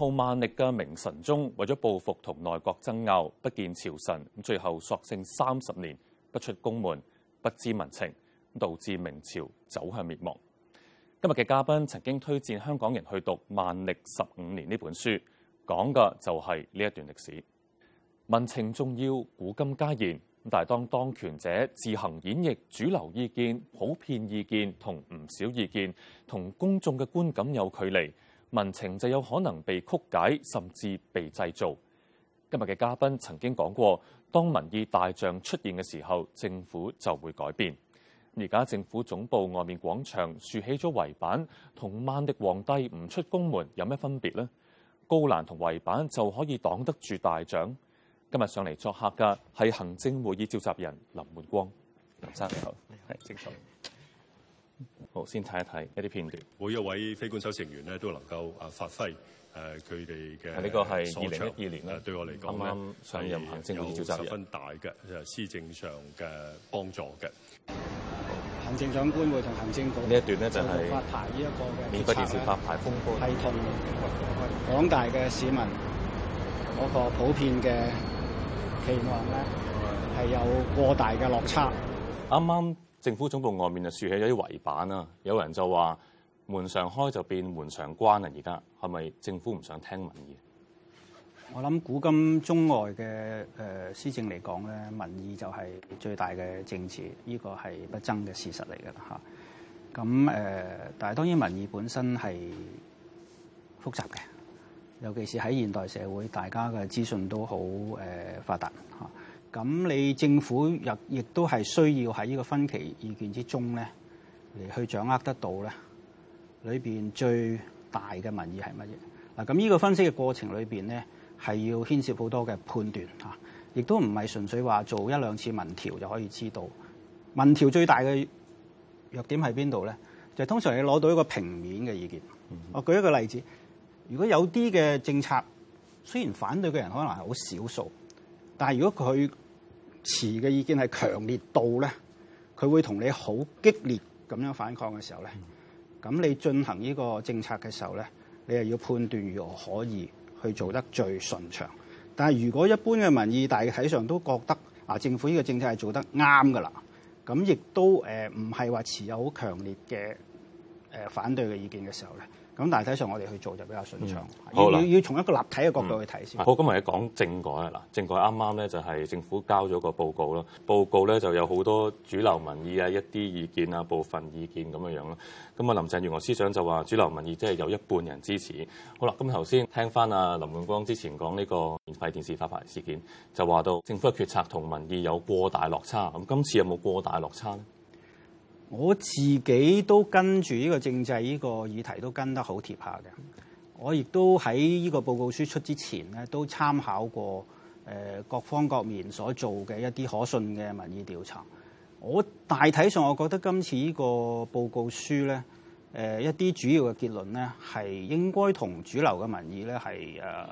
號萬曆嘅明神宗為咗報復同內閣爭拗，不見朝臣，最後索性三十年不出宮門，不知民情，導致明朝走向滅亡。今日嘅嘉賓曾經推薦香港人去讀《萬曆十五年》呢本書，講嘅就係呢一段歷史。民情重要，古今皆然。但係當當權者自行演繹主流意見、普遍意見同唔少意見，同公眾嘅觀感有距離。民情就有可能被曲解，甚至被製造。今日嘅嘉賓曾經講過，當民意大象出現嘅時候，政府就會改變。而家政府總部外面廣場豎起咗圍板，同萬歷皇帝唔出宮門有咩分別呢？高欄同圍板就可以擋得住大象。今日上嚟作客噶，係行政會議召集人林煥光。林生你好，歡迎請坐。好，先睇一睇一啲片段。每一位非官守成員咧，都能夠啊發揮誒佢哋嘅。呢個係二零一二年咧，對我嚟講講咧啱啱上任行政局召集人，係有十分大嘅施、就係、政上嘅幫助嘅。好行政長官會同行政局呢一段咧就係、係、發牌呢一個嘅。呢個免費電視發牌風波係同廣大嘅市民嗰個普遍嘅期望咧係有過大嘅落差。啱啱。政府總部外面就豎起咗啲圍板啦，有人就話門常開就變門常關啊。而家係咪政府唔想聽民意？我諗古今中外嘅誒施政嚟講咧，民意就係最大嘅政治，呢、呢個係不爭嘅事實嚟㗎啦嚇。咁、啊、誒，但係當然民意本身係複雜嘅，尤其是喺現代社會，大家嘅資訊都好誒、呃、發達。咁你政府亦亦都係需要喺呢個分歧意見之中咧，嚟去掌握得到咧，裏邊最大嘅民意係乜嘢？嗱，咁呢個分析嘅過程裏邊咧，係要牽涉好多嘅判斷嚇，亦都唔係純粹話做一兩次民調就可以知道。民調最大嘅弱點係邊度咧？就係、通常你攞到一個平面嘅意見。我舉一個例子，如果有啲嘅政策雖然反對嘅人可能係好少數，但係如果佢持嘅意見係強烈到咧，佢會同你好激烈咁樣反抗嘅時候咧，咁你進行呢個政策嘅時候咧，你又要判斷如何可以去做得最順暢。但係如果一般嘅民意大體上都覺得啊，政府呢個政策係做得啱㗎啦，咁亦都誒唔係話持有好強烈嘅誒反對嘅意見嘅時候咧。咁大體上我哋去做就比較順暢。嗯、要要要從一個立體嘅角度去睇先，嗯。好，今日講政改啊嗱，政改啱啱咧就係政府交咗個報告啦，報告咧就有好多主流民意啊、一啲意見啊、部分意見咁樣樣咯。咁啊，林鄭月娥司長就話主流民意即係有一半人支持。好啦，咁頭先聽翻啊林煥光之前講呢個免費電視發牌事件，就話到政府嘅決策同民意有過大落差。咁今次有冇過大落差咧？我自己都跟住呢個政制呢個議題都跟得好貼下嘅，我亦都喺呢個報告書出之前咧，都參考過誒各方各面所做嘅一啲可信嘅民意調查。我大體上我覺得今次呢個報告書咧，誒一啲主要嘅結論咧，係應該同主流嘅民意咧係誒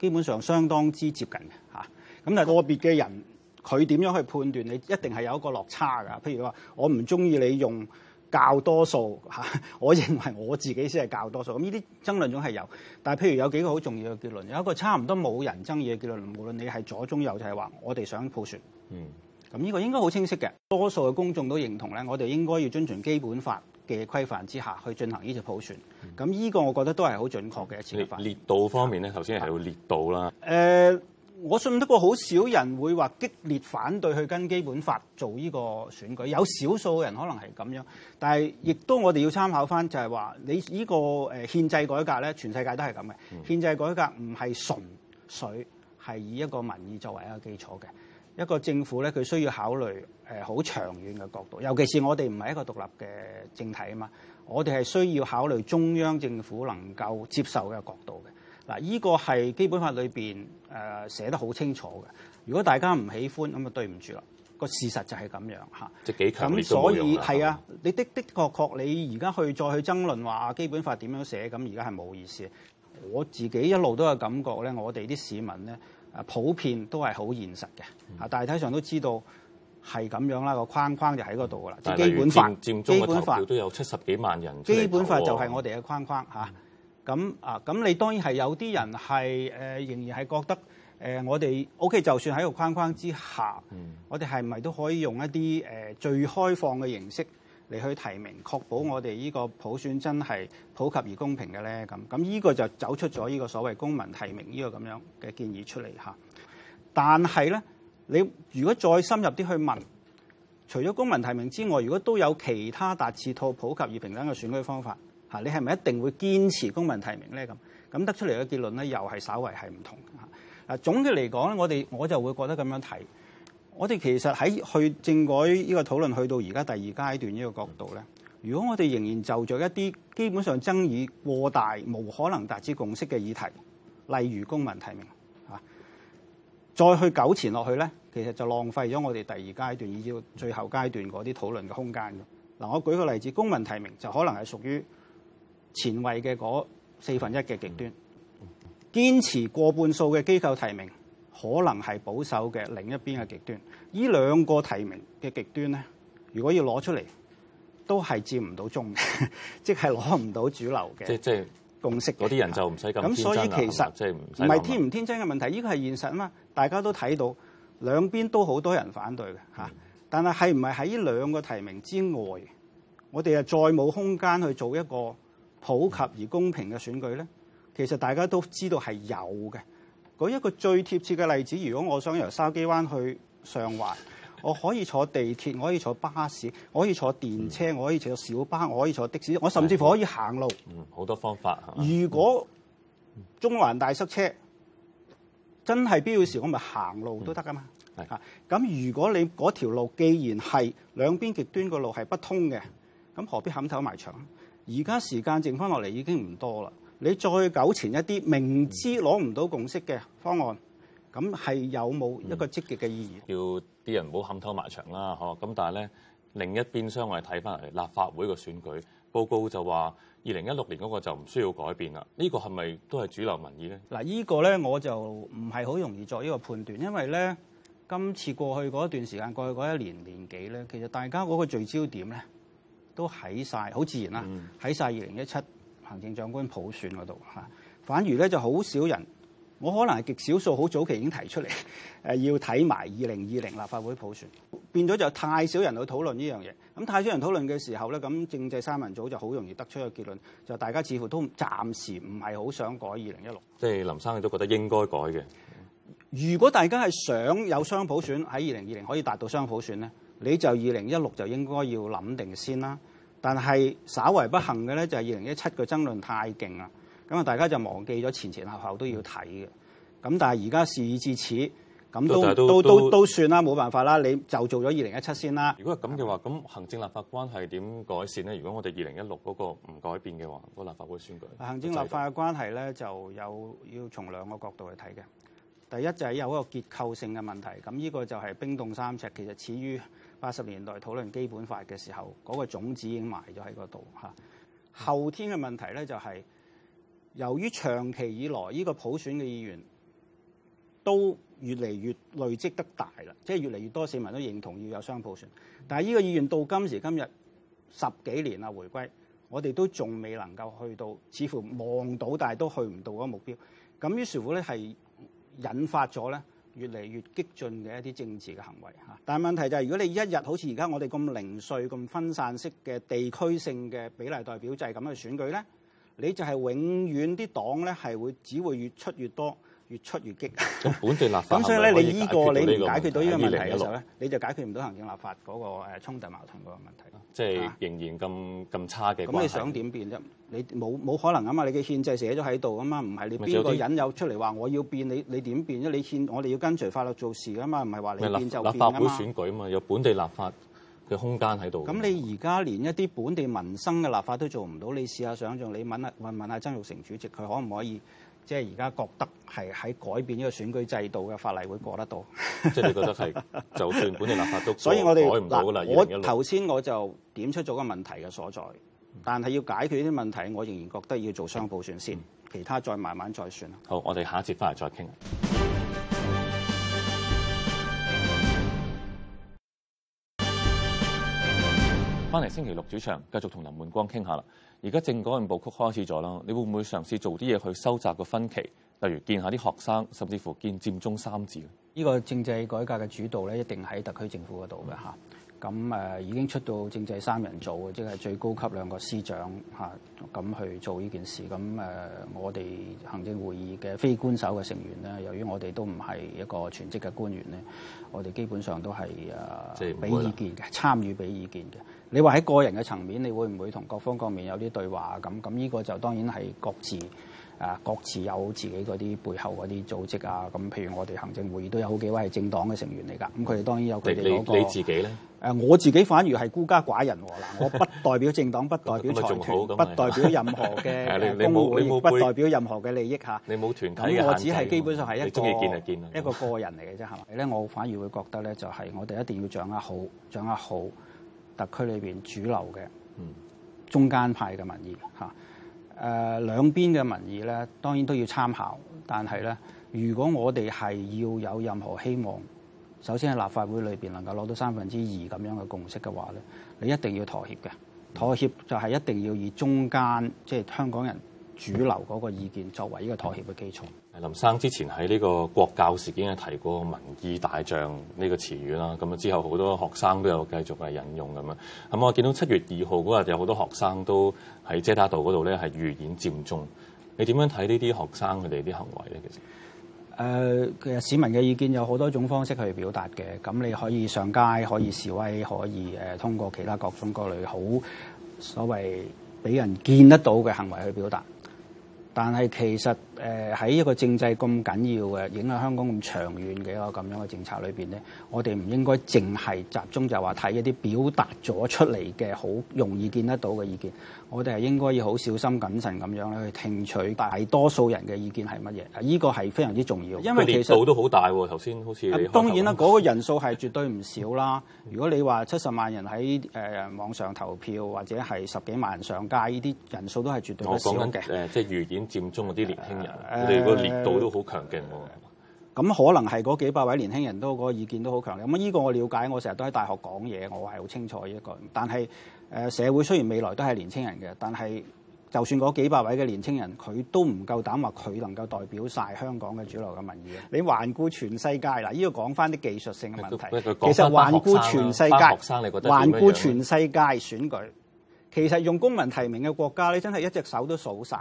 基本上相當之接近嘅吓，咁但係個別嘅人。佢點樣去判斷你一定係有一個落差㗎？譬如話，我唔中意你用較多數嚇，我認為我自己先係較多數。咁呢啲爭論總係有，但係譬如有幾個好重要嘅結論，有一個差唔多冇人爭議嘅結論，無論你係左中右，就係話我哋想普選。嗯，咁呢個應該好清晰嘅，多數嘅公眾都認同咧，我哋應該要遵循基本法嘅規範之下去進行呢次普選。咁呢、嗯、個我覺得都係好準確嘅一次。立法。列度方面咧，頭先係要列度啦、啊。誒、呃。我信得過好少人會話激烈反對去跟基本法做呢個選舉，有少數人可能係咁樣，但係亦都我哋要參考翻，就係話你呢個誒憲制改革咧，全世界都係咁嘅。憲制改革唔係純粹係以一個民意作為一個基礎嘅一個政府咧，佢需要考慮誒好長遠嘅角度。尤其是我哋唔係一個獨立嘅政體啊嘛，我哋係需要考慮中央政府能夠接受嘅角度。嗱，依個係基本法裏邊誒寫得好清楚嘅。如果大家唔喜歡，咁就對唔住啦。個事實就係咁樣嚇。咁所以係啊，你的的確確你而家去再去爭論話基本法點樣寫，咁而家係冇意思。我自己一路都有感覺咧，我哋啲市民咧誒普遍都係好現實嘅。啊、嗯，大體上都知道係咁樣啦。個框框就喺嗰度噶啦。基本法基本法，佔中嘅投票都有七十幾萬人。基本法就係我哋嘅框框嚇。嗯咁啊，咁你當然係有啲人係、呃、仍然係覺得、呃、我哋 O.K. 就算喺個框框之下，嗯、我哋係咪都可以用一啲、呃、最開放嘅形式嚟去提名，確保我哋呢個普選真係普及而公平嘅咧？咁咁呢個就走出咗呢個所謂公民提名呢個咁樣嘅建議出嚟嚇。但係咧，你如果再深入啲去問，除咗公民提名之外，如果都有其他達至套普及而平等嘅選舉方法？你係咪一定會堅持公民提名咧？咁咁得出嚟嘅結論咧，又係稍為係唔同嘅嚇。啊，總嘅嚟講咧，我哋我就會覺得咁樣睇。我哋其實喺去政改呢個討論去到而家第二階段呢個角度咧，如果我哋仍然就着一啲基本上爭議過大、冇可能達至共識嘅議題，例如公民提名啊，再去糾纏落去咧，其實就浪費咗我哋第二階段以至最後階段嗰啲討論嘅空間。嗱，我舉個例子，公民提名就可能係屬於前衛嘅嗰四分一嘅極端，堅持過半數嘅機構提名，可能係保守嘅另一邊嘅極端。呢兩個提名嘅極端咧，如果要攞出嚟，都係佔唔到中嘅，即係攞唔到主流嘅。即即共識嗰啲人就唔使咁咁，所以其實唔係天唔天真嘅問題，呢個係現實啊嘛。大家都睇到兩邊都好多人反對嘅嚇，但係係唔係喺呢兩個提名之外，我哋又再冇空間去做一個？普及而公平嘅選舉咧，其實大家都知道係有嘅。舉一個最貼切嘅例子，如果我想由筲箕灣去上環，我可以坐地鐵，我可以坐巴士，我可以坐電車，我可以坐小巴，我可以坐的士，我甚至乎可以行路。嗯，好多方法。如果中環大塞車，真係必要時我咪行路都得噶嘛。係啊，咁如果你嗰條路既然係兩邊極端個路係不通嘅，咁何必撼頭埋牆？而家時間剩翻落嚟已經唔多啦，你再久前一啲，明知攞唔到共識嘅方案，咁係、嗯、有冇一個積極嘅意義？嗯、要啲人唔好冚偷埋牆啦，嗬！咁但係咧，另一邊相反睇翻嚟，立法會個選舉報告就話，二零一六年嗰個就唔需要改變啦。呢、這個係咪都係主流民意咧？嗱，呢個咧我就唔係好容易作呢個判斷，因為咧，今次過去嗰一段時間，過去嗰一年年幾咧，其實大家嗰個聚焦點咧。都喺晒，好自然啦。喺晒二零一七行政長官普選嗰度嚇，反而咧就好少人。我可能係極少數，好早期已經提出嚟，誒要睇埋二零二零立法會普選，變咗就太少人去討論呢樣嘢。咁太少人討論嘅時候咧，咁政制三人組就好容易得出一個結論，就大家似乎都暫時唔係好想改二零一六。即係林生，佢都覺得應該改嘅。如果大家係想有雙普選喺二零二零可以達到雙普選咧？你就二零一六就應該要諗定先啦，但係稍為不幸嘅咧就係二零一七嘅爭論太勁啦，咁啊大家就忘記咗前前後後都要睇嘅，咁但係而家事已至此，咁都都都都算啦，冇辦法啦，你就做咗二零一七先啦。如果咁嘅話，咁行政立法關係點改善咧？如果我哋二零一六嗰個唔改變嘅話，個立法會選舉，行政立法嘅關係咧就有要從兩個角度去睇嘅。第一就係有一個結構性嘅問題，咁呢個就係冰凍三尺，其實始於。八十年代討論基本法嘅時候，嗰、那個種子已經埋咗喺嗰度吓。後天嘅問題咧，就係由於長期以來呢、這個普選嘅議員都越嚟越累積得大啦，即係越嚟越多市民都認同要有雙普選。但係呢個議員到今時今日十幾年喇，回歸我哋都仲未能夠去到，似乎望到但係都去唔到嗰個目標。咁於是乎咧，係引發咗咧，越嚟越激進嘅一啲政治嘅行為嚇，但係問題就係、是、如果你一日好似而家我哋咁零碎、咁分散式嘅地區性嘅比例代表制咁嘅選舉咧，你就係永遠啲黨咧係會只會越出越多。越出越激，咁 本地立法，咁 所以咧，你呢個你唔解決到呢個問題嘅時候咧，你就解決唔到行政立法嗰個誒衝突矛盾嗰個問題。即係仍然咁咁、啊、差嘅關係。咁你想點變啫？你冇冇可能啊嘛？你嘅憲制寫咗喺度啊嘛，唔係你邊個引誘出嚟話我要變你？你你點變啫？你憲我哋要跟隨法律做事啊嘛，唔係話你變就變啊嘛。立法會選舉啊嘛，有本地立法嘅空間喺度。咁你而家連一啲本地民生嘅立法都做唔到，你試下想象，你問問問下曾玉成主席，佢可唔可以？即係而家覺得係喺改變呢個選舉制度嘅法例會過得到，即係你覺得係就算本地立法都所以我哋改唔到噶啦。我頭先 2016 我，我就點出咗個問題嘅所在，嗯、但係要解決呢啲問題，我仍然覺得要做雙普選先，嗯、其他再慢慢再算。好，我哋下一節翻嚟再傾。翻嚟星期六主場，繼續同林煥光傾下啦。而家政改五步曲開始咗啦，你會唔會嘗試做啲嘢去收窄個分歧？例如見一下啲學生，甚至乎見佔中三子。呢個政制改革嘅主導咧，一定喺特區政府嗰度嘅嚇。咁誒、嗯啊、已經出到政制三人組，即係最高級兩個司長嚇咁、啊、去做呢件事。咁誒、啊，我哋行政會議嘅非官守嘅成員咧，由於我哋都唔係一個全職嘅官員咧，我哋基本上都係誒俾意見嘅，參與俾意見嘅。你話喺個人嘅層面，你會唔會同各方各面有啲對話咁？咁呢個就當然係各自各自有自己嗰啲背後嗰啲組織啊。咁譬如我哋行政會議都有好幾位係政黨嘅成員嚟噶，咁佢哋當然有佢哋嗰個你。你自己咧？呃，我自己反而係孤家寡人喎，我不代表政黨，不代表財團， 不代表任何嘅公會， 不代表任何嘅利益嚇。你冇團體嘅限制，你中意見就見啦。我只係基本上係一個個人嚟嘅啫，係咪？咧， 我反而會覺得咧，就係我哋一定要掌握好，掌握好。特區裏面主流嘅中間派嘅民意嚇，誒、呃、兩邊嘅民意咧，當然都要參考。但係咧，如果我哋係要有任何希望，首先喺立法會裏面能夠攞到三分之二咁樣嘅共識嘅話咧，你一定要妥協嘅。妥協就係一定要以中間即係、就是、香港人主流嗰個意見作為呢個妥協嘅基礎。林生之前喺呢個國教事件提過民意大象呢個詞語啦，咁啊之後好多學生都有繼續係引用咁樣，咁我見到七月二號嗰日有好多學生都喺遮打道嗰度咧係預演佔中，你點樣睇呢啲學生佢哋啲行為咧？其實誒其實市民嘅意見有好多種方式去表達嘅，咁你可以上街，可以示威，可以誒通過其他各種各類好所謂俾人見得到嘅行為去表達。但係其實誒喺一個政制咁緊要嘅影響香港咁長遠嘅一個咁樣嘅政策裏邊，咧，我哋唔應該淨係集中就話睇一啲表達咗出嚟嘅好容易見得到嘅意見。我哋係應該要好小心謹慎咁樣咧，去聽取大多數人嘅意見係乜嘢？呢個係非常之重要。因為其實年數都好大喎，頭先好似你當然啦，嗰、嗰個人數係絕對唔少啦。如果你話七十萬人喺誒、呃、網上投票，或者係十幾萬人上街，呢啲人數都係絕對唔少嘅。即係預演佔中嗰啲年輕人，你個年度都好強勁喎。咁、呃、可能係嗰幾百位年輕人都、嗰個意見都好強烈。咁呢個我了解，我成日都喺大學講嘢，我係好清楚呢一個。但係誒，社會雖然未來都係年青人嘅，但係就算嗰幾百位嘅年青人，佢都唔夠膽話佢能夠代表晒香港嘅主流嘅民意。你環顧全世界啦，依、這個講翻啲技術性嘅問題。其實環顧全、全世界，環顧全世界選舉，其實用公民提名嘅國家咧，真係一隻手都數晒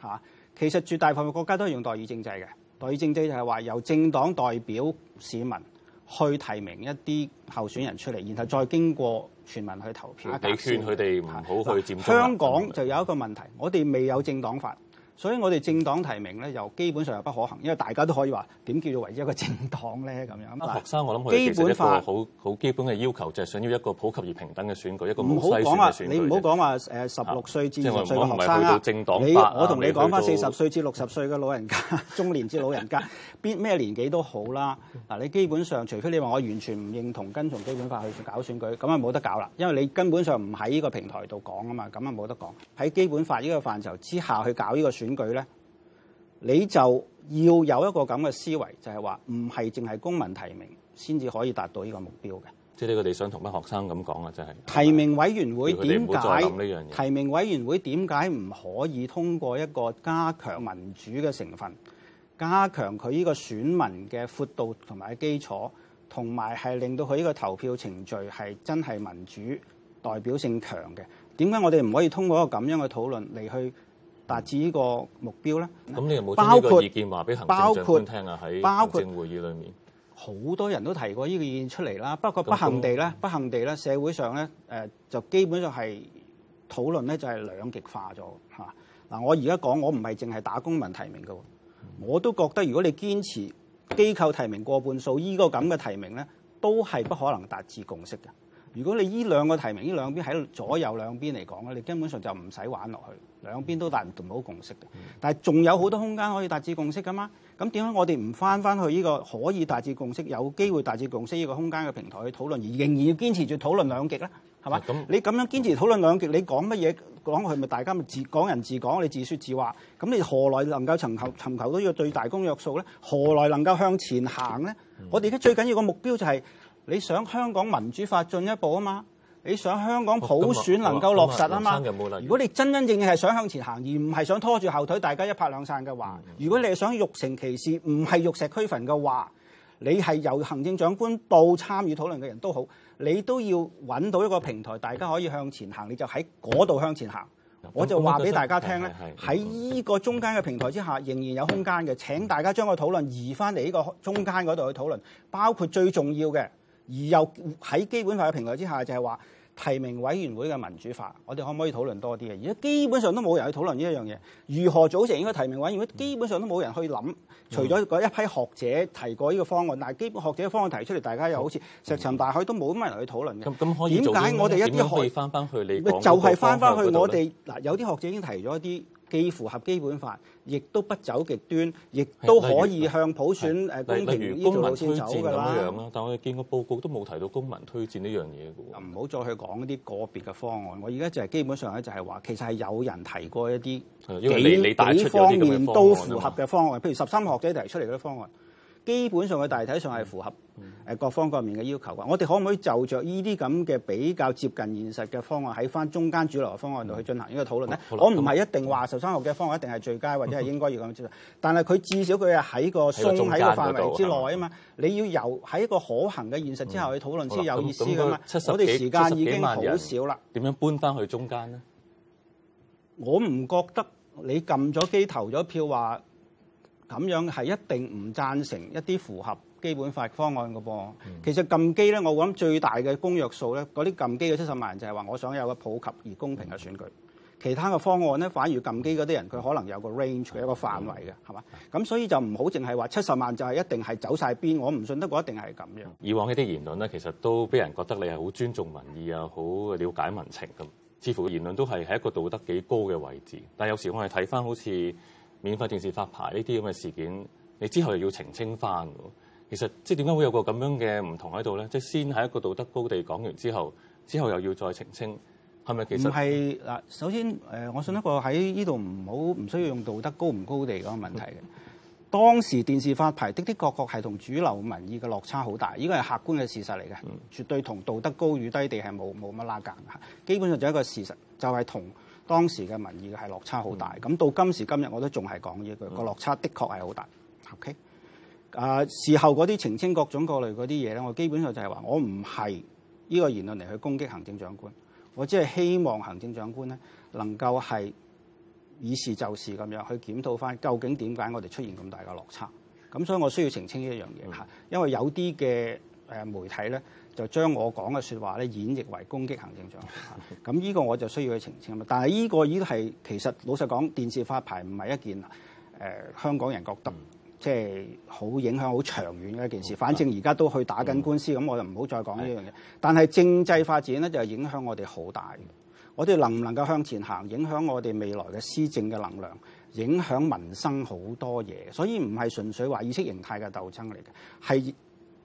嚇。其實絕大部分嘅國家都係用代議政制嘅，代議政制就係話由政黨代表市民。去提名一啲候選人出嚟，然後再經過全民去投票。俾勸佢哋唔好去佔中。香港就有一個問題，我哋未有政黨法。所以我哋政黨提名咧，又基本上又不可行，因為大家都可以話點叫做維持一個政黨咧咁樣。嗱，學生我諗佢其實一個好好基本嘅要求就係、是、想要一個普及而平等嘅選舉，一個西選嘅選舉。唔好講話，你唔好講話誒，十六歲至二十歲學生啊！我到政黨 8, 你我同你講翻四十歲至六十歲嘅老人家、中年至老人家，邊咩 年紀都好啦。嗱，你基本上除非你話我完全唔認同跟從基本法去搞選舉，咁啊冇得搞啦，因為你根本上唔喺呢個平台度講啊嘛，咁啊冇得講。喺基本法呢個範疇之下去搞呢個選。選舉咧，你就要有一個咁嘅思維，就係話唔係淨係公民提名先至可以達到呢個目標嘅。即係你哋想同班學生咁講啊？就係提名委員會點解，提名委員會點解唔可以通過一個加強民主嘅成分，加強佢呢個選民嘅闊度同埋基礎，同埋係令到佢呢個投票程序係真係民主、代表性強嘅？點解我哋唔可以通過一個咁樣嘅討論嚟去達至呢個目標咧，咁你有冇將呢個意見話俾行政長官聽啊？喺行政會議裡面，好多人都提過呢個意見出嚟啦。不過不幸地咧，不幸地咧，社會上咧，誒就基本上係討論咧就係兩極化咗嚇。嗱，我而家講我唔係淨係打公民提名嘅，我都覺得如果你堅持機構提名過半數，依個咁嘅提名咧，都係不可能達至共識嘅。如果你呢兩個提名呢兩邊喺左右兩邊嚟講咧，你根本上就唔使玩落去，兩邊都達唔到共識嘅。但係仲有好多空間可以達至共識噶嘛？咁點解我哋唔翻翻去呢個可以達至共識、有機會達至共識呢個空間嘅平台去討論，而仍然要堅持住討論兩極咧？係嘛、嗯？吧你咁樣堅持討論兩極，你講乜嘢講佢咪大家咪自講人自講，你自說自話，咁你何來能夠尋求尋求到呢個最大公約數咧？何來能夠向前行咧？嗯、我哋而家最緊要個目標就係、是。你想香港民主化進一步啊嘛？你想香港普選能夠落實啊嘛？如果你真真正正係想向前行，而唔係想拖住後腿，大家一拍兩散嘅話，如果你係想欲成其事，唔係玉石俱焚嘅話，你係由行政長官到參與討論嘅人都好，你都要揾到一個平台，大家可以向前行，你就喺嗰度向前行。我就話俾大家聽呢，喺呢個中間嘅平台之下，仍然有空間嘅。請大家將個討論移翻嚟呢個中間嗰度去討論，包括最重要嘅。而又喺基本法嘅評論之下就，就係話提名委員會嘅民主化，我哋可唔可以討論多啲嘅？而家基本上都冇人去討論呢一樣嘢，如何組成應該提名委員會？基本上都冇人去諗。除咗嗰一批學者提過呢個方案，但係基本學者嘅方案提出嚟，大家又好似石沉大海，都冇乜人去討論嘅。咁咁、嗯嗯、可以做點可以翻翻去你講嘅方法？就係翻翻去我哋嗱，有啲學者已經提咗一啲。既符合基本法，亦都不走極端，亦都可以向普選誒如公平公民先走㗎啦。但係我哋見過報告都冇提到公民推薦呢樣嘢嘅。唔好再去講一啲個別嘅方案。我而家就係基本上咧，就係話其實係有人提過一啲幾幾方面都符合嘅方案。譬嘛如十三個學者提出嚟嗰啲方案。基本上佢大體上係符合誒各方各面嘅要求嘅。我哋可唔可以就着呢啲咁嘅比較接近現實嘅方案，喺翻中間主流嘅方案度去進行呢個討論咧？了我唔係一定話十三號嘅方案一定係最佳或者係應該要咁樣接受。但係佢至少佢係喺個松喺個範圍之內啊嘛。你要由喺一個可行嘅現實之下去討論先有意思噶嘛。我哋時間已經好少啦。點樣搬翻去中間咧？我唔覺得你撳咗機投咗票話。咁樣係一定唔贊成一啲符合基本法的方案嘅噃。其實撳機咧，我諗最大嘅公約數咧，嗰啲撳機嘅七十萬人就係話我想有個普及而公平嘅選舉。其他嘅方案咧，反而撳機嗰啲人佢可能有個 range 嘅一個範圍嘅，係嘛？咁所以就唔好淨係話七十萬就係一定係走晒邊，我唔信得過一定係咁樣。以往呢啲言論咧，其實都俾人覺得你係好尊重民意呀，好瞭解民情咁，似乎言論都係喺一個道德幾高嘅位置。但有時我係睇翻好似。免費電視發牌呢啲咁嘅事件，你之後又要澄清翻喎。其實即係點解會有個咁樣嘅唔同喺度咧？即係先喺一個道德高地講完之後，之後又要再澄清，係咪其實？唔係嗱，首先誒，我信一個喺呢度唔好唔需要用道德高唔高地嗰個問題嘅。當時電視發牌的的確確係同主流民意嘅落差好大，呢個係客觀嘅事實嚟嘅，絕對同道德高與低地係冇冇乜拉隔嘅。基本上就係一個事實，就係同。當時嘅民意係落差好大，咁到今時今日我都仲係講呢一句，個落差的確係好大。OK，啊，事後嗰啲澄清各種各類嗰啲嘢咧，我基本上就係話，我唔係呢個言論嚟去攻擊行政長官，我只係希望行政長官咧，能夠係以事就事咁樣去檢討翻究竟點解我哋出現咁大嘅落差。咁所以我需要澄清一樣嘢嚇，因為有啲嘅。媒體咧就將我講嘅說話咧演繹為攻擊行政長官，咁呢個我就需要去澄清啦。但係呢個已經係其實老實講，電視發牌唔係一件、呃、香港人覺得即係好影響好長遠嘅一件事。嗯、反正而家都去打緊官司，咁、嗯、我就唔好再講呢樣嘢。但係政制發展咧就係影響我哋好大，我哋能唔能夠向前行，影響我哋未來嘅施政嘅能量，影響民生好多嘢，所以唔係純粹話意識形態嘅鬥爭嚟嘅，係。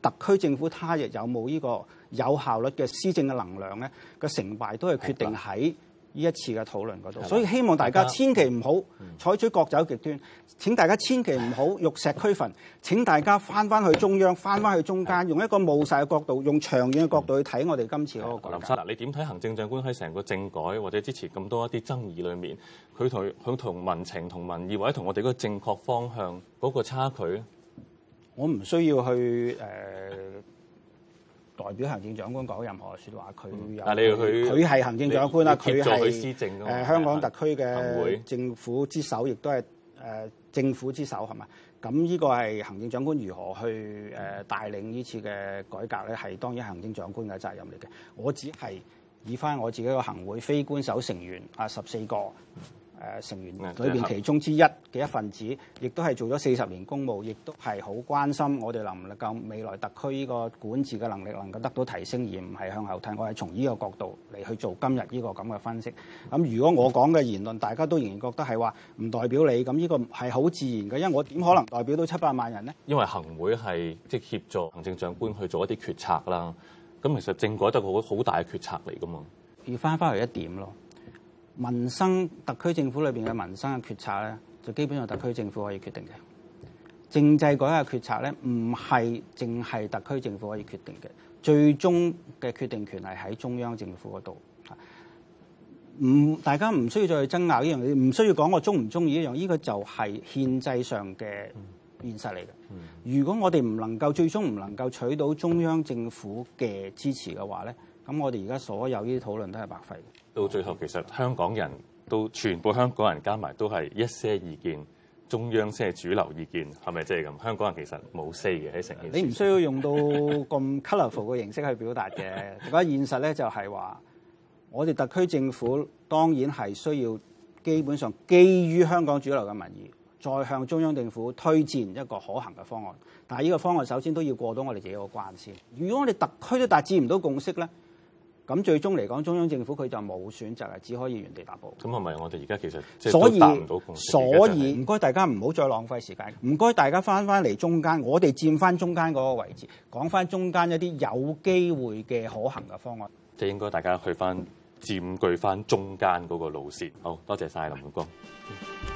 特區政府他日有冇呢個有效率嘅施政嘅能量咧？個成敗都係決定喺呢一次嘅討論嗰度。所以希望大家千祈唔好採取各走極端。請大家千祈唔好玉石俱焚。請大家返返去中央，返返去中間，用一個務實嘅角度，用長遠嘅角度去睇我哋今次嘅林生。嗱，你點睇行政長官喺成個政改或者之前咁多一啲爭議裡面，佢同佢同民情、同民意或者同我哋嗰個正確方向嗰個差距咧？我唔需要去誒、呃、代表行政長官講任何説話，佢有。但係你要去，佢係行政長官啦，佢係誒香港特區嘅政府之首，亦都係誒政府之首，係咪？咁呢個係行政長官如何去誒、呃、帶領呢次嘅改革咧？係當然行政長官嘅責任嚟嘅。我只係以翻我自己個行會非官守成員啊，十四個。誒成員裏邊其中之一嘅一份子，亦都係做咗四十年公務，亦都係好關心我哋能唔能夠未來特區呢個管治嘅能力能夠得到提升，而唔係向後睇。我係從呢個角度嚟去做今日呢個咁嘅分析。咁如果我講嘅言論，大家都仍然覺得係話唔代表你，咁呢個係好自然嘅，因為我點可能代表到七百萬人呢？因為行會係即係協助行政長官去做一啲決策啦。咁其實政改都係好好大嘅決策嚟噶嘛。要翻翻去一點咯。民生特區政府裏邊嘅民生嘅決策咧，就基本上特區政府可以決定嘅政制改革嘅決策咧，唔係淨係特區政府可以決定嘅，最終嘅決定權係喺中央政府嗰度吓。唔，大家唔需要再去爭拗呢樣嘢，唔需要講我中唔中意呢樣，呢個就係憲制上嘅現實嚟嘅。如果我哋唔能夠最終唔能夠取到中央政府嘅支持嘅話咧，咁我哋而家所有呢啲討論都係白費。到最後，其實香港人都全部香港人加埋都係一些意見，中央先係主流意見，係咪即係咁？香港人其實冇 say 嘅喺成件事。你唔需要用到咁 colorful 嘅形式去表達嘅，而家現實咧就係話，我哋特區政府當然係需要基本上基於香港主流嘅民意，再向中央政府推薦一個可行嘅方案。但係呢個方案首先都要過到我哋自己個關先。如果我哋特區都達至唔到共識咧，咁最終嚟講，中央政府佢就冇選擇，係只可以原地踏步。咁係咪我哋而家其實即係都達唔到共識？所以唔該、就是、大家唔好再浪費時間，唔該大家翻返嚟中間，我哋佔翻中間嗰個位置，講翻中間一啲有機會嘅可行嘅方案。即係、嗯、應該大家去翻佔據翻中間嗰個路線。好多謝晒林煥光。嗯